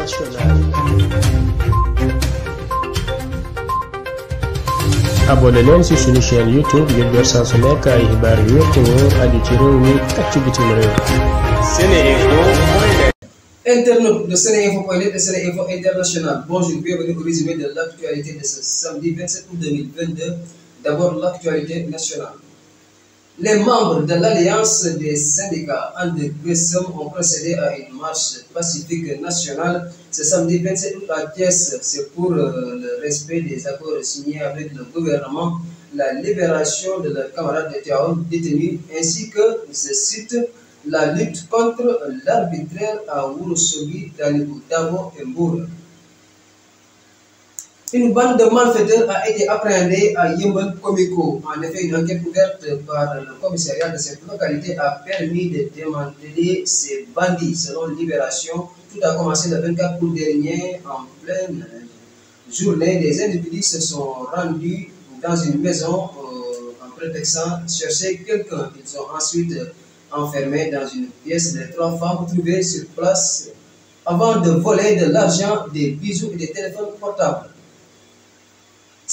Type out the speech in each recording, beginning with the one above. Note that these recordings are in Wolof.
internationale. abonné leen ci suñu chaîne youtube ngir jot saa su nekk ay xibaar yu wér te wóor aju ci réew mi ak ci bitim réew. seneinfo.net Internaute de seneinfo.net et seneinfo international bonjour bienvenue au Les membres de l'Alliance des syndicats en dépression ont procédé à une marche pacifique nationale ce samedi 27 août à Thiès. C'est pour euh, le respect des accords signés avec le gouvernement, la libération de leurs camarades de Tiaon détenus ainsi que, je cite, la lutte contre l'arbitraire à Wurusogi, Danibou, Davo Une bande de malfaiteurs a été appréhendée à Yemen Comico. En effet, une enquête ouverte par le commissariat de cette localité a permis de démanteler ces bandits. Selon Libération, tout a commencé le 24 dernier. En pleine journée, des individus se sont rendus dans une maison euh, en prétextant chercher quelqu'un. ensuite enfermé dans une pièce les trois femmes trouvées sur place avant de voler de l'argent, des bijoux et des téléphones portables.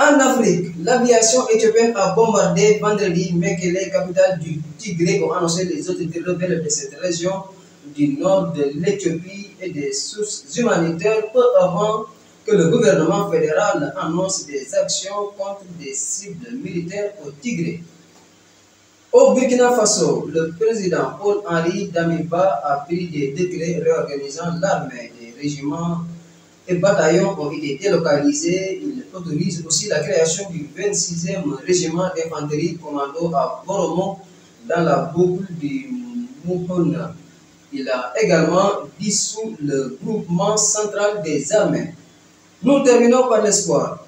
En Afrique, l'aviation éthiopienne a bombardé vendredi Mekele, capitale du Tigré, ont annoncé les autorités rebelles du nord de l'Éthiopie et des sources humanitaires peu avant que le gouvernement fédéral annonce des actions contre des cibles militaires au Tigré. Au Burkina Faso, le président Paul-Henri Damiba a pris des décrets réorganisant l'armée. Des régiments et bataillons ont été délocalisés. autorise aussi la création du 26e régiment d'infanterie commando à Boromo dans la boucle du Moukona. Il a également dissous le groupement central des armées. Nous terminons par l'espoir.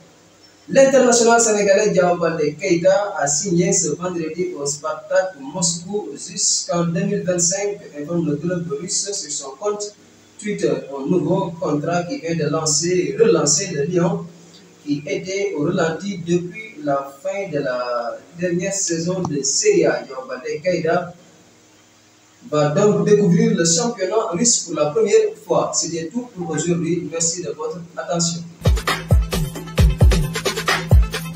L'international sénégalais Diawabande Keïta a signé ce vendredi au Spartak Moscou jusqu'en 2025, informe le sur son compte Twitter, un nouveau contrat qui vient de lancer, le Lyon était au ralenti depuis la fin de la dernière saison de Serie A. Yobade Kaida va donc découvrir le championnat russe pour la première fois. C'était tout pour Merci de votre attention.